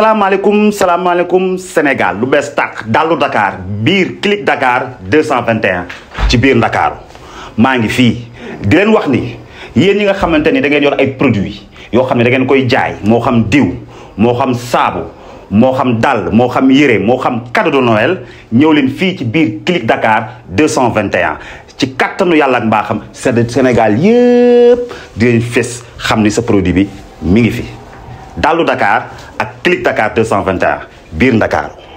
salaamaaleykum salaamaaleykum Sénégal lu bees tàq dallu Dakar biir Click Dakar 221 ci biir Dakar maa ngi fii di leen wax ni yéen ñi nga xamante ni da ngeen yor ay produits yoo xam ne da ngeen koy jaay moo xam diw moo xam saabu moo xam dàll moo xam yére moo xam cadeau de Noël ñëw leen fii ci biir Click Dakar 221 ci kattanu yàlla ak mbaaxam Sénégal yépp di leen fés xam ni sa produit bi mi ngi fi dallu Dakar. Click Dakar 221 biir Ndakaaru